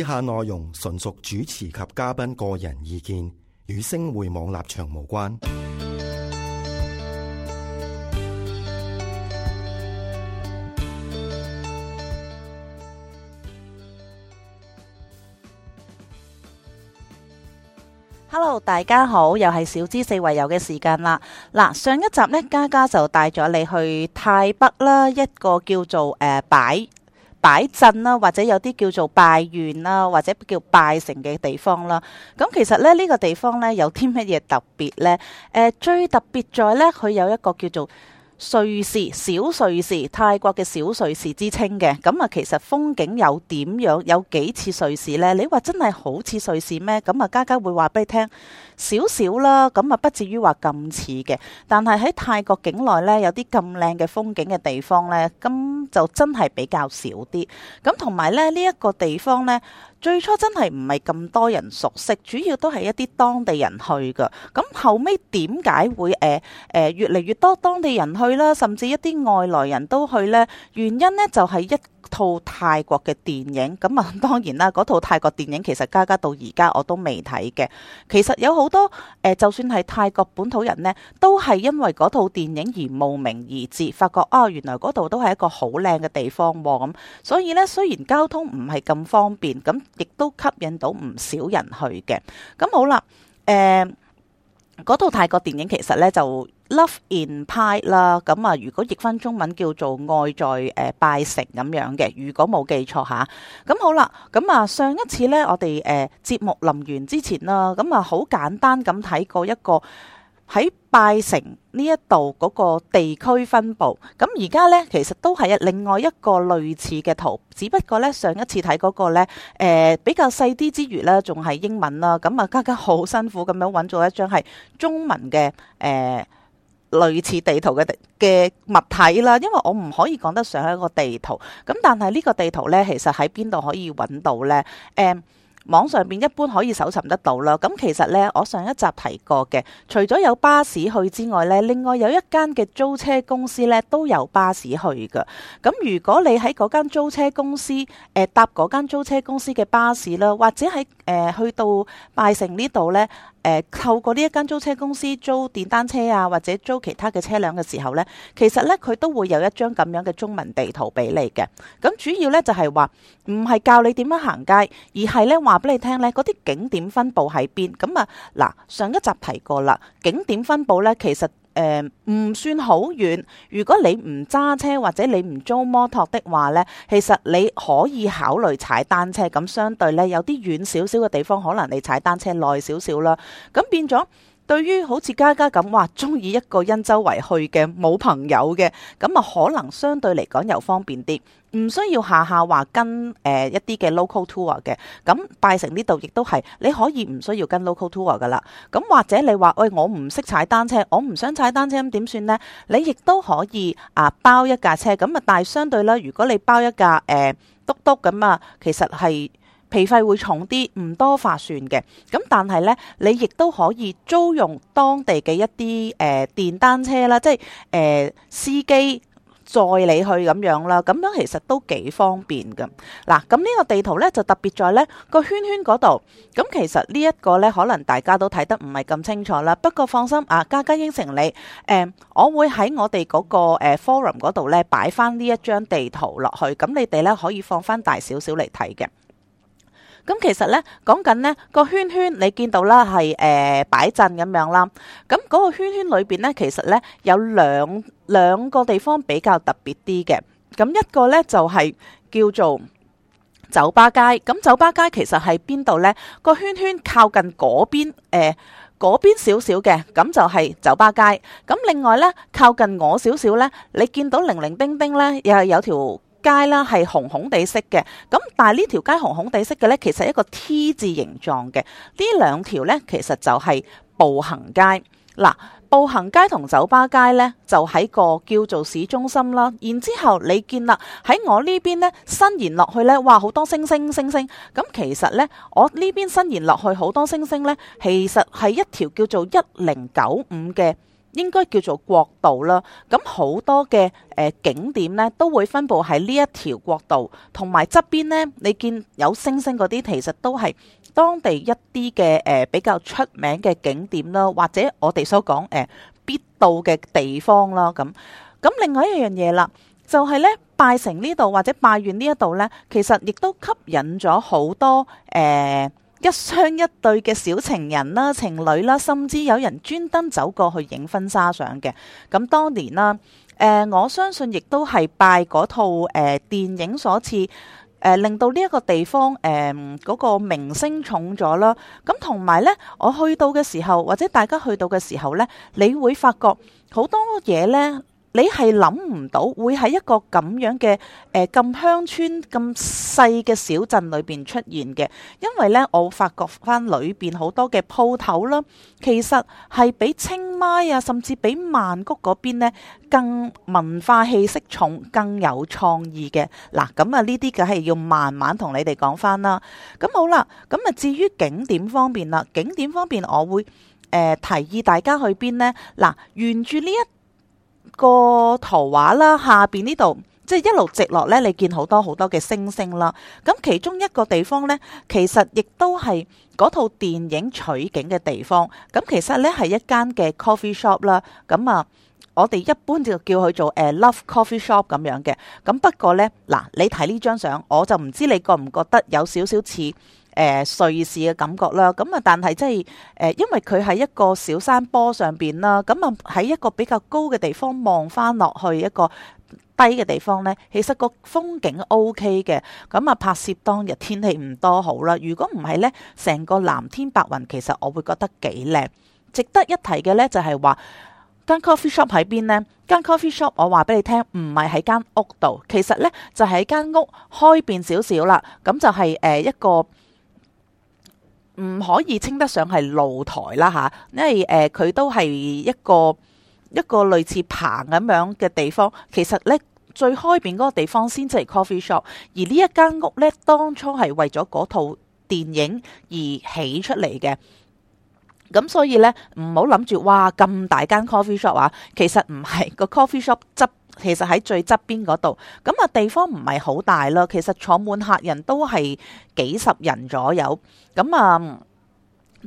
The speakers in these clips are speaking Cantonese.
以下內容純屬主持及嘉賓個人意見，與星匯網立場無關。Hello，大家好，又係小資四圍遊嘅時間啦。嗱，上一集呢，嘉嘉就帶咗你去泰北啦，一個叫做誒拜。呃拜擺陣啦，或者有啲叫做拜縣啦，或者叫拜城嘅地方啦。咁其實咧，呢、這個地方咧有啲乜嘢特別呢？誒、呃，最特別在咧，佢有一個叫做瑞士小瑞士、泰國嘅小瑞士之稱嘅。咁啊，其實風景有點樣，有幾似瑞士呢？你話真係好似瑞士咩？咁啊，嘉嘉會話俾你聽。少少啦，咁啊不至於話咁似嘅。但係喺泰國境內呢，有啲咁靚嘅風景嘅地方呢，咁就真係比較少啲。咁同埋咧呢一個地方呢，最初真係唔係咁多人熟悉，主要都係一啲當地人去噶。咁後尾點解會誒誒、呃呃、越嚟越多當地人去啦，甚至一啲外來人都去呢？原因呢，就係、是、一。套泰國嘅電影，咁啊，當然啦，嗰套泰國電影其實加加到而家我都未睇嘅。其實有好多誒、呃，就算係泰國本土人呢，都係因為嗰套電影而慕名而至，發覺啊、哦，原來嗰度都係一個好靚嘅地方喎、啊。咁所以呢，雖然交通唔係咁方便，咁亦都吸引到唔少人去嘅。咁好啦，誒、呃，嗰套泰國電影其實呢就 Love in Pai 啦，咁啊，如果譯翻中文叫做愛在誒拜城咁樣嘅，如果冇記錯嚇，咁好啦，咁啊，上一次呢，我哋誒節目臨完之前啦，咁啊，好簡單咁睇過一個喺拜城呢一度嗰個地區分布，咁而家呢，其實都係另外一個類似嘅圖，只不過呢，上一次睇嗰個咧、呃、比較細啲之餘呢，仲係英文啦，咁啊嘉嘉好辛苦咁樣揾咗一張係中文嘅誒。呃類似地圖嘅嘅物體啦，因為我唔可以講得上一個地圖。咁但係呢個地圖呢，其實喺邊度可以揾到呢？誒、嗯，網上面一般可以搜尋得到啦。咁其實呢，我上一集提過嘅，除咗有巴士去之外呢，另外有一間嘅租車公司呢，都有巴士去㗎。咁如果你喺嗰間租車公司誒、呃、搭嗰間租車公司嘅巴士啦，或者喺誒、呃、去到拜城呢度呢。誒、呃、透過呢一間租車公司租電單車啊，或者租其他嘅車輛嘅時候呢，其實呢，佢都會有一張咁樣嘅中文地圖俾你嘅。咁主要呢，就係、是、話，唔係教你點樣行街，而係呢，話俾你聽呢嗰啲景點分布喺邊。咁啊，嗱，上一集提過啦，景點分布呢，其實。誒唔算好遠，如果你唔揸車或者你唔租摩托的話呢，其實你可以考慮踩單車。咁相對呢，有啲遠少少嘅地方，可能你踩單車耐少少啦。咁變咗。對於好似嘉嘉咁話中意一個人周圍去嘅冇朋友嘅咁啊，可能相對嚟講又方便啲，唔需要下下話跟誒、呃、一啲嘅 local tour 嘅。咁拜城呢度亦都係你可以唔需要跟 local tour 噶啦。咁或者你話喂，我唔識踩單車，我唔想踩單車咁點算呢？你亦都可以啊包一架車咁啊，但係相對啦，如果你包一架誒篤篤咁啊，其實係。皮費會重啲，唔多划算嘅咁，但係呢，你亦都可以租用當地嘅一啲誒、呃、電單車啦，即係誒、呃、司機載你去咁樣啦，咁樣其實都幾方便噶。嗱，咁、這、呢個地圖呢，就特別在呢個圈圈嗰度咁，其實呢一個呢，可能大家都睇得唔係咁清楚啦。不過放心啊，嘉嘉應承你，誒、呃，我會喺我哋嗰個誒 forum 嗰度呢擺翻呢一張地圖落去，咁你哋呢，可以放翻大少少嚟睇嘅。咁其實咧講緊呢個圈圈，你見到啦係誒擺陣咁樣啦。咁嗰個圈圈裏邊咧，其實咧有兩兩個地方比較特別啲嘅。咁一個咧就係叫做酒吧街。咁酒吧街其實係邊度咧？個圈圈靠近嗰邊誒嗰邊少少嘅，咁就係酒吧街。咁另外咧靠近我少少咧，你見到零零丁丁咧，又係有條街啦，係紅紅地色嘅。咁但係呢條街紅紅地色嘅呢，其實係一個 T 字形狀嘅。呢兩條呢，其實就係步行街。嗱，步行街同酒吧街呢，就喺個叫做市中心啦。然之後你見啦，喺我呢邊呢，伸延落去呢，哇好多星星星星。咁其實呢，我呢邊伸延落去好多星星呢，其實係一條叫做一零九五嘅。應該叫做國道啦，咁好多嘅誒、呃、景點呢，都會分布喺呢一條國道，同埋側邊呢，你見有星星嗰啲，其實都係當地一啲嘅誒比較出名嘅景點啦，或者我哋所講誒、呃、必到嘅地方啦，咁、呃、咁另外一樣嘢啦，就係、是、呢拜城呢度或者拜縣呢一度呢，其實亦都吸引咗好多誒。呃一雙一對嘅小情人啦、情侶啦，甚至有人專登走過去影婚紗相嘅。咁當年啦，誒、呃、我相信亦都係拜嗰套誒、呃、電影所賜，誒、呃、令到呢一個地方誒嗰、呃那個明星重咗啦。咁同埋呢，我去到嘅時候，或者大家去到嘅時候呢，你會發覺好多嘢呢。你係諗唔到會喺一個咁樣嘅誒咁鄉村咁細嘅小鎮裏邊出現嘅。因為呢，我發覺翻裏邊好多嘅鋪頭啦，其實係比清邁啊，甚至比曼谷嗰邊呢，更文化氣息重、更有創意嘅。嗱，咁啊呢啲梗係要慢慢同你哋講翻啦。咁好啦，咁啊至於景點方面啦，景點方面我會誒、呃、提議大家去邊呢？嗱，沿住呢一個圖畫啦，下邊呢度即係一路直落呢，你見好多好多嘅星星啦。咁其中一個地方呢，其實亦都係嗰套電影取景嘅地方。咁其實呢係一間嘅 coffee shop 啦。咁啊，我哋一般就叫佢做誒 Love Coffee Shop 咁樣嘅。咁不過呢，嗱，你睇呢張相，我就唔知你覺唔覺得有少少似。誒、呃、瑞士嘅感覺啦，咁啊，但係即係誒，因為佢喺一個小山坡上邊啦，咁啊喺一個比較高嘅地方望翻落去一個低嘅地方呢，其實個風景 OK 嘅。咁啊，拍攝當日天氣唔多好啦。如果唔係呢，成個藍天白雲，其實我會覺得幾靚。值得一提嘅呢，就係、是、話間 coffee shop 喺邊呢？間 coffee shop 我話俾你聽，唔係喺間屋度，其實呢就喺、是、間屋開邊少少啦。咁就係、是、誒、呃、一個。唔可以稱得上係露台啦嚇，因為誒佢、呃、都係一個一個類似棚咁樣嘅地方。其實呢，最開邊嗰個地方先至係 coffee shop，而呢一間屋呢，當初係為咗嗰套電影而起出嚟嘅。咁所以呢，唔好諗住嘩咁大間 coffee shop 啊，其實唔係個 coffee shop 執。其實喺最側邊嗰度，咁啊地方唔係好大咯。其實坐滿客人都係幾十人左右。咁啊，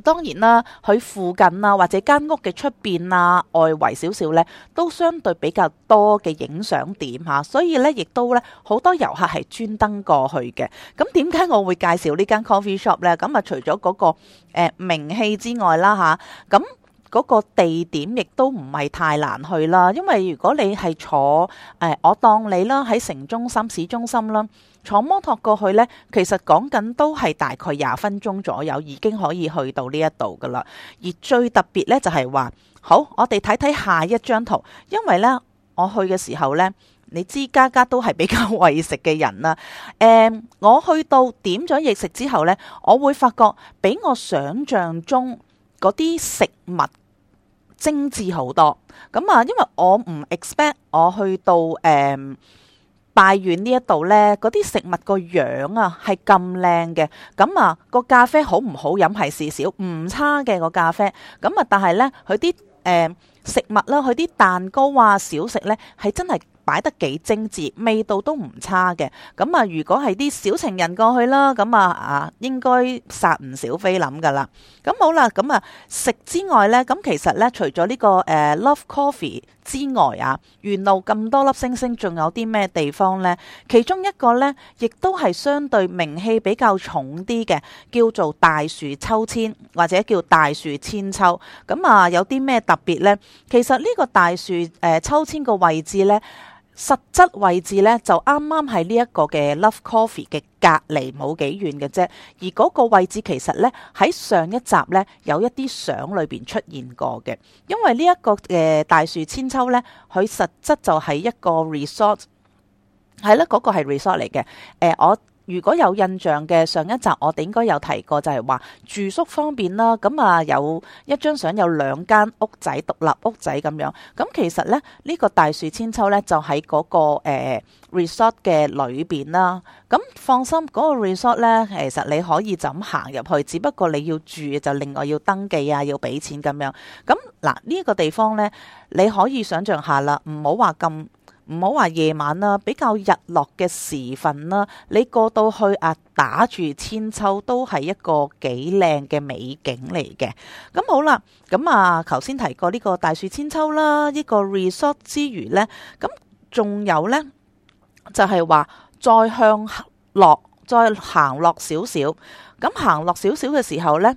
當然啦，佢附近啊或者間屋嘅出邊啊外圍少少呢，都相對比較多嘅影相點嚇、啊。所以呢，亦都呢，好多遊客係專登過去嘅。咁點解我會介紹呢間 coffee shop 呢？咁啊，啊，除咗嗰、那個、呃、名氣之外啦嚇，咁、啊。啊啊嗰個地點亦都唔係太難去啦，因為如果你係坐誒、哎，我當你啦喺城中心、市中心啦，坐摩托過去呢，其實講緊都係大概廿分鐘左右已經可以去到呢一度㗎喇。而最特別呢，就係、是、話，好，我哋睇睇下一張圖，因為呢，我去嘅時候呢，你知家家都係比較為食嘅人啦。誒、嗯，我去到點咗嘢食之後呢，我會發覺比我想像中嗰啲食物精緻好多，咁啊，因為我唔 expect 我去到誒、嗯、拜縣呢一度呢，嗰啲食物個樣、啊、樣啊係咁靚嘅，咁啊個咖啡好唔好飲係事小，唔差嘅個咖啡，咁啊但係呢，佢啲誒食物啦，佢啲蛋糕啊小食呢，係真係。擺得幾精緻，味道都唔差嘅。咁啊，如果係啲小情人過去啦，咁啊啊，應該殺唔少菲林㗎喇。咁好啦，咁啊食之外呢，咁其實呢，除咗呢、這個誒、呃、Love Coffee 之外啊，沿路咁多粒星星，仲有啲咩地方呢？其中一個呢，亦都係相對名氣比較重啲嘅，叫做大樹秋千，或者叫大樹千秋。咁啊，有啲咩特別呢？其實呢個大樹誒、呃、秋千個位置呢。實質位置呢，就啱啱係呢一個嘅 Love Coffee 嘅隔離冇幾遠嘅啫，而嗰個位置其實呢，喺上一集呢，有一啲相裏邊出現過嘅，因為呢、這、一個嘅、呃、大樹千秋呢，佢實質就係一個 resort，係啦，嗰、那個係 resort 嚟嘅，誒、呃、我。如果有印象嘅上一集，我哋應該有提過，就係、是、話住宿方便啦。咁啊，有一張相有兩間屋仔、獨立屋仔咁樣。咁其實咧，呢、這個大樹千秋咧就喺嗰、那個 resort 嘅裏邊啦。咁、呃、放心，嗰、那個 resort 咧，其實你可以就咁行入去，只不過你要住就另外要登記啊，要俾錢咁樣。咁嗱，呢、這個地方咧，你可以想象下啦，唔好話咁。唔好話夜晚啦，比較日落嘅時分啦，你過到去啊，打住千秋都係一個幾靚嘅美景嚟嘅。咁好啦，咁啊，頭先提過呢個大樹千秋啦，呢個 resort 之餘呢，咁仲有呢，就係話再向落，再行落少少，咁行落少少嘅時候呢，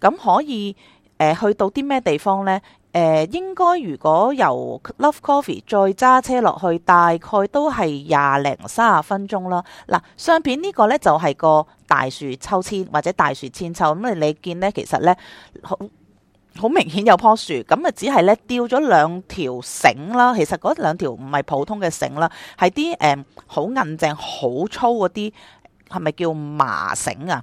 咁可以、呃、去到啲咩地方呢？誒應該如果由 Love Coffee 再揸車落去，大概都係廿零三十分鐘啦。嗱，相片呢個呢，就係個大樹秋千，或者大樹千秋。咁，你你見咧其實呢，好好明顯有棵樹，咁啊只係呢吊咗兩條繩啦。其實嗰兩條唔係普通嘅繩啦，係啲誒好硬淨、好粗嗰啲，係咪叫麻繩啊？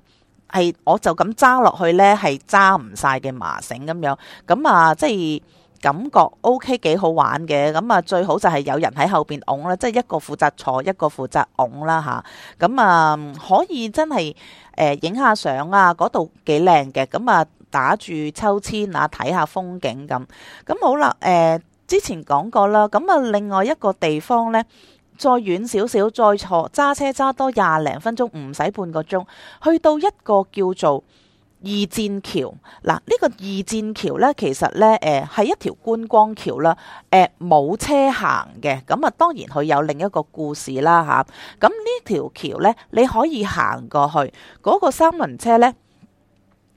係我就咁揸落去呢，係揸唔晒嘅麻繩咁樣，咁啊即係感覺 OK 幾好玩嘅，咁啊最好就係有人喺後邊拱啦，即係一個負責坐，一個負責拱啦吓，咁啊，啊可以真係誒影下相啊，嗰度幾靚嘅，咁啊打住秋千啊，睇下風景咁，咁、啊、好啦誒、呃，之前講過啦，咁啊另外一個地方呢。再遠少少，再坐揸車揸多廿零分鐘，唔使半個鐘，去到一個叫做二戰橋。嗱，呢、這個二戰橋呢，其實咧，誒、呃、係一條觀光橋啦，冇、呃、車行嘅。咁啊，當然佢有另一個故事啦吓。咁呢條橋呢，你可以行過去，嗰、那個三輪車呢。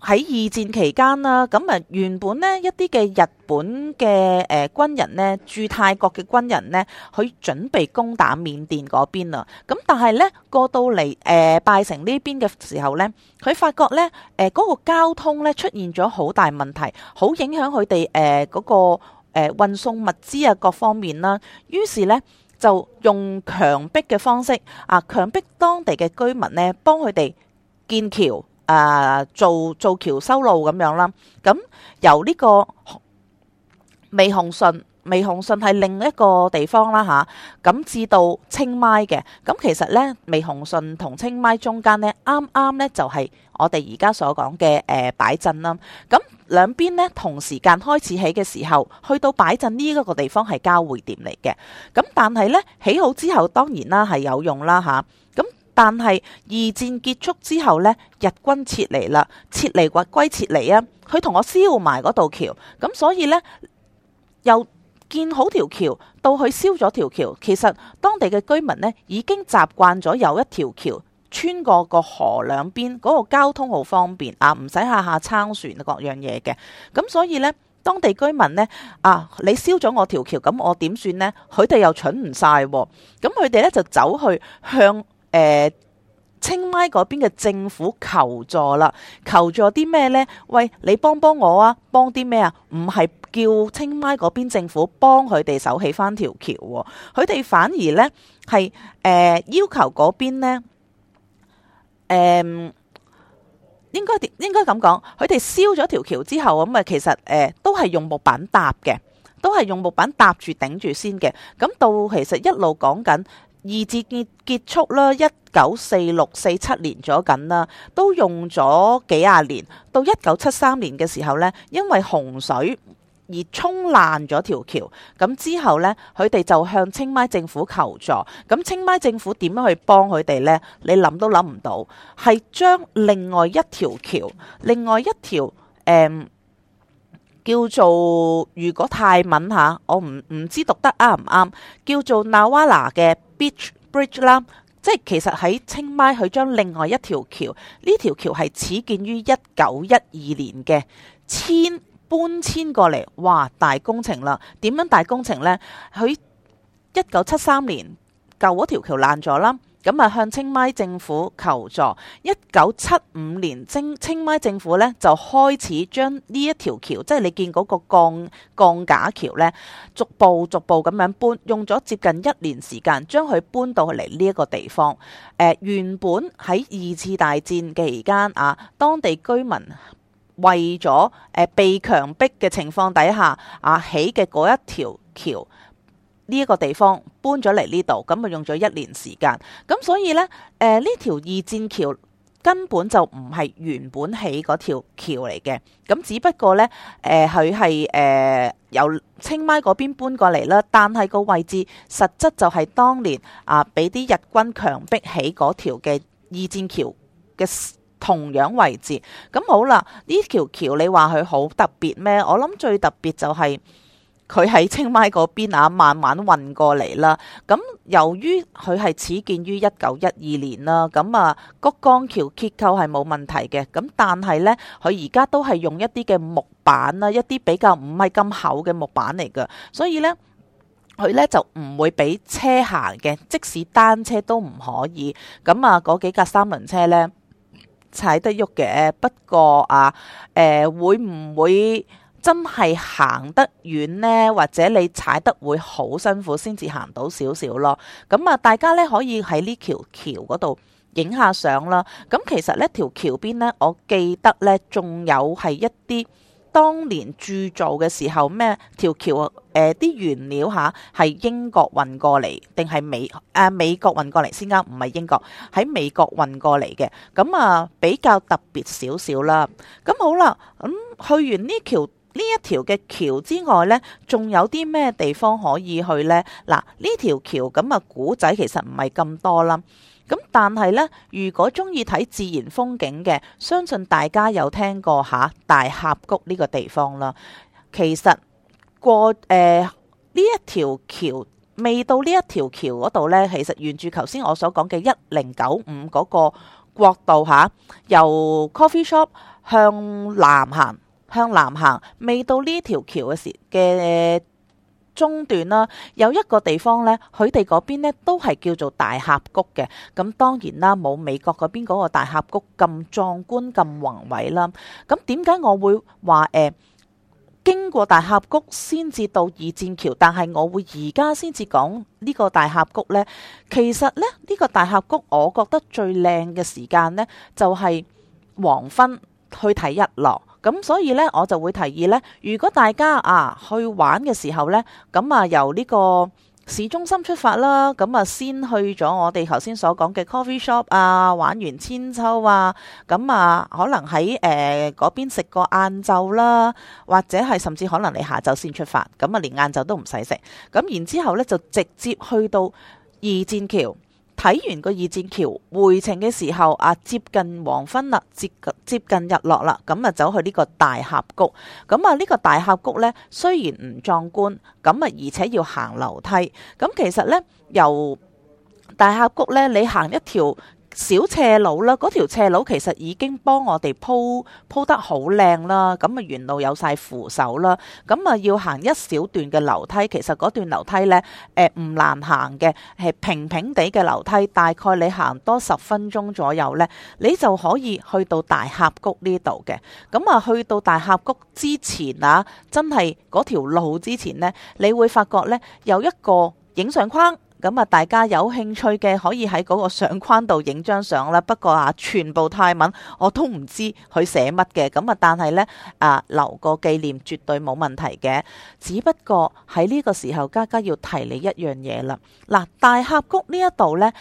喺二戰期間啦，咁啊原本咧一啲嘅日本嘅誒軍人咧駐泰國嘅軍人咧，佢準備攻打緬甸嗰邊啦。咁但係咧過到嚟誒、呃、拜城呢邊嘅時候咧，佢發覺呢誒嗰個交通咧出現咗好大問題，好影響佢哋誒嗰個誒運、呃、送物資啊各方面啦。於是呢，就用強迫嘅方式啊，強迫當地嘅居民咧幫佢哋建橋。啊、呃，做做橋修路咁樣啦，咁、嗯、由呢個湄宏順，湄宏順係另一個地方啦吓，咁、嗯、至到清邁嘅，咁、嗯、其實咧湄宏順同清邁中間咧啱啱咧就係、是、我哋而家所講嘅誒拜鎮啦，咁兩邊咧同時間開始起嘅時候，去到拜鎮呢一個地方係交匯點嚟嘅，咁、嗯、但係咧起好之後當然啦係有用啦吓，咁、嗯。嗯但係二戰結束之後呢，日軍撤離啦，撤離或歸撤離啊，佢同我燒埋嗰道橋，咁所以呢，又建好條橋，到佢燒咗條橋，其實當地嘅居民呢，已經習慣咗有一條橋穿過個河兩邊，嗰個交通好方便啊，唔使下下撐船各樣嘢嘅，咁所以呢，當地居民呢，啊，你燒咗我條橋，咁我點算呢？佢哋又蠢唔晒？咁佢哋咧就走去向誒、呃，清邁嗰邊嘅政府求助啦，求助啲咩呢？喂，你幫幫我啊，幫啲咩啊？唔係叫清邁嗰邊政府幫佢哋手起翻條橋，哦、佢哋反而呢，係誒、呃、要求嗰邊呢，誒，應該點？應該咁講，佢哋燒咗條橋之後，咁啊其實誒、呃、都係用木板搭嘅，都係用木板搭住頂住先嘅。咁到其實一路講緊。二戰結結束啦，一九四六四七年咗緊啦，都用咗幾廿年。到一九七三年嘅時候呢，因為洪水而沖爛咗條橋。咁之後呢，佢哋就向清邁政府求助。咁清邁政府點樣去幫佢哋呢？你諗都諗唔到，係將另外一條橋，另外一條誒、嗯、叫做如果泰文嚇，我唔唔知讀得啱唔啱，叫做那瓦拿嘅。Beach Bridge 啦，即係其實喺清邁佢將另外一條橋，呢條橋係始建於一九一二年嘅，遷搬遷過嚟，哇大工程啦，點樣大工程呢？佢一九七三年舊嗰條橋爛咗啦。咁啊，向清邁政府求助。一九七五年，清清邁政府咧就開始將呢一條橋，即係你見嗰個鋼鋼架橋咧，逐步逐步咁樣搬，用咗接近一年時間將佢搬到嚟呢一個地方。誒、呃，原本喺二次大戰期間啊，當地居民為咗誒、啊、被強迫嘅情況底下啊起嘅嗰一條橋。呢一個地方搬咗嚟呢度，咁咪用咗一年時間。咁所以呢，誒呢條二戰橋根本就唔係原本起嗰條橋嚟嘅。咁只不過呢，誒佢係誒由清邁嗰邊搬過嚟啦。但係個位置實質就係當年啊俾啲日軍強迫起嗰條嘅二戰橋嘅同樣位置。咁好啦，呢條橋你話佢好特別咩？我諗最特別就係、是。佢喺清邁嗰邊啊，慢慢運過嚟啦。咁由於佢係始建於一九一二年啦，咁啊，谷江橋結構係冇問題嘅。咁但係呢，佢而家都係用一啲嘅木板啦，一啲比較唔係咁厚嘅木板嚟嘅。所以呢，佢呢就唔會俾車行嘅，即使單車都唔可以。咁啊，嗰幾架三輪車呢，踩得喐嘅。不過啊，誒、呃、會唔會？真係行得遠呢，或者你踩得會好辛苦先至行到少少咯。咁、嗯、啊，大家呢可以喺呢條橋嗰度影下相啦。咁、嗯、其實呢條橋邊呢，我記得呢仲有係一啲當年鑄造嘅時候咩？條橋誒啲原料嚇係英國運過嚟，定係美誒、呃、美國運過嚟先啱？唔係英國喺美國運過嚟嘅。咁、嗯、啊，比較特別少少啦。咁好啦，咁、嗯、去完呢條。呢一條嘅橋之外呢，仲有啲咩地方可以去呢？嗱，呢條橋咁啊，古仔其實唔係咁多啦。咁但係呢，如果中意睇自然風景嘅，相信大家有聽過嚇大峽谷呢個地方啦。其實過誒呢，呃，一條橋，未到呢一條橋嗰度呢，其實沿住頭先我所講嘅一零九五嗰個國道嚇，由 coffee shop 向南行。向南行，未到呢條橋嘅時嘅中段啦，有一個地方咧，佢哋嗰邊咧都係叫做大峽谷嘅。咁當然啦，冇美國嗰邊嗰個大峽谷咁壯觀、咁宏偉啦。咁點解我會話誒、呃，經過大峽谷先至到二戰橋，但係我會而家先至講呢個大峽谷咧？其實咧，呢、這個大峽谷，我覺得最靚嘅時間咧，就係、是、黃昏去睇日落。咁所以咧，我就會提議咧，如果大家啊去玩嘅時候咧，咁啊由呢個市中心出發啦，咁啊先去咗我哋頭先所講嘅 coffee shop 啊，玩完千秋啊，咁啊可能喺誒嗰邊食個晏晝啦，或者係甚至可能你下晝先出發，咁啊連晏晝都唔使食，咁、啊、然之後咧就直接去到二戰橋。睇完個二戰橋，回程嘅時候啊，接近黃昏啦，接接近日落啦，咁啊走去呢個大峽谷。咁啊呢個大峽谷呢，雖然唔壯觀，咁啊而且要行樓梯。咁其實呢，由大峽谷呢，你行一條。小斜路啦，嗰條斜路其實已經幫我哋鋪鋪得好靚啦，咁啊沿路有晒扶手啦，咁啊要行一小段嘅樓梯，其實嗰段樓梯呢，誒唔難行嘅，係平平地嘅樓梯，大概你行多十分鐘左右呢，你就可以去到大峽谷呢度嘅。咁啊去到大峽谷之前啊，真係嗰條路之前呢，你會發覺呢，有一個影相框。咁啊，大家有興趣嘅可以喺嗰個相框度影張相啦。不過啊，全部泰文我都唔知佢寫乜嘅。咁啊，但係咧啊，留個紀念絕對冇問題嘅。只不過喺呢個時候，家家要提你一樣嘢啦。嗱，大峽谷呢一度呢，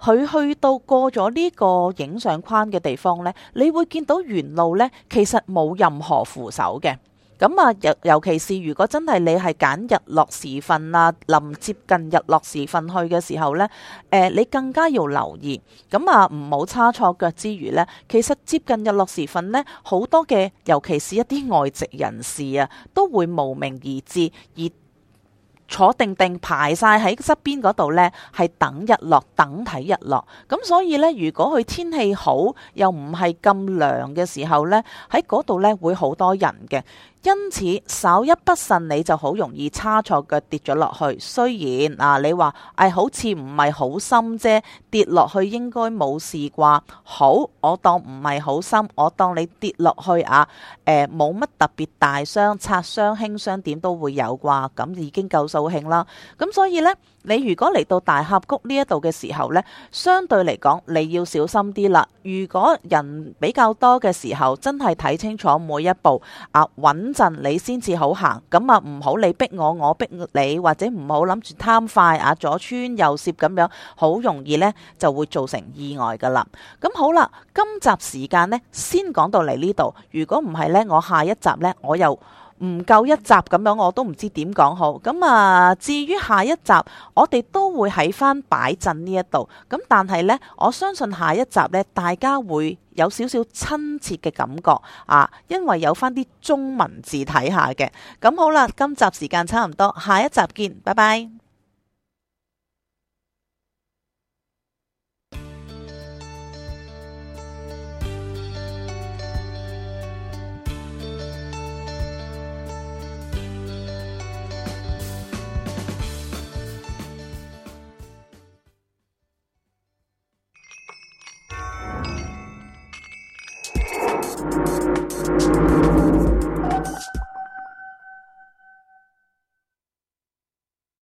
佢去到過咗呢個影相框嘅地方呢，你會見到沿路呢，其實冇任何扶手嘅。咁啊，尤尤其是如果真係你係揀日落時分啊，臨接近日落時分去嘅時候呢，誒、呃，你更加要留意。咁啊，唔好叉錯腳之餘呢，其實接近日落時分呢，好多嘅，尤其是一啲外籍人士啊，都會慕名而至，而坐定定排晒喺側邊嗰度呢，係等日落，等睇日落。咁所以呢，如果佢天氣好，又唔係咁涼嘅時候呢，喺嗰度呢，會好多人嘅。因此，稍一不慎，你就好容易差錯腳跌咗落去。雖然嗱、啊，你話係、哎、好似唔係好深啫，跌落去應該冇事啩？好，我當唔係好深，我當你跌落去啊，誒、哎，冇乜特別大傷、擦傷、輕傷點都會有啩。咁已經夠掃興啦。咁所以呢，你如果嚟到大峽谷呢一度嘅時候呢，相對嚟講，你要小心啲啦。如果人比較多嘅時候，真係睇清楚每一步，啊，穩陣你，你先至好行。咁啊，唔好你逼我，我逼你，或者唔好諗住貪快啊，左穿右攝咁樣，好容易呢就會造成意外噶啦。咁好啦，今集時間呢，先講到嚟呢度。如果唔係呢，我下一集呢，我又。唔夠一集咁樣，我都唔知點講好。咁啊，至於下一集，我哋都會喺翻擺陣呢一度。咁但係呢，我相信下一集呢，大家會有少少親切嘅感覺啊，因為有翻啲中文字睇下嘅。咁好啦，今集時間差唔多，下一集見，拜拜。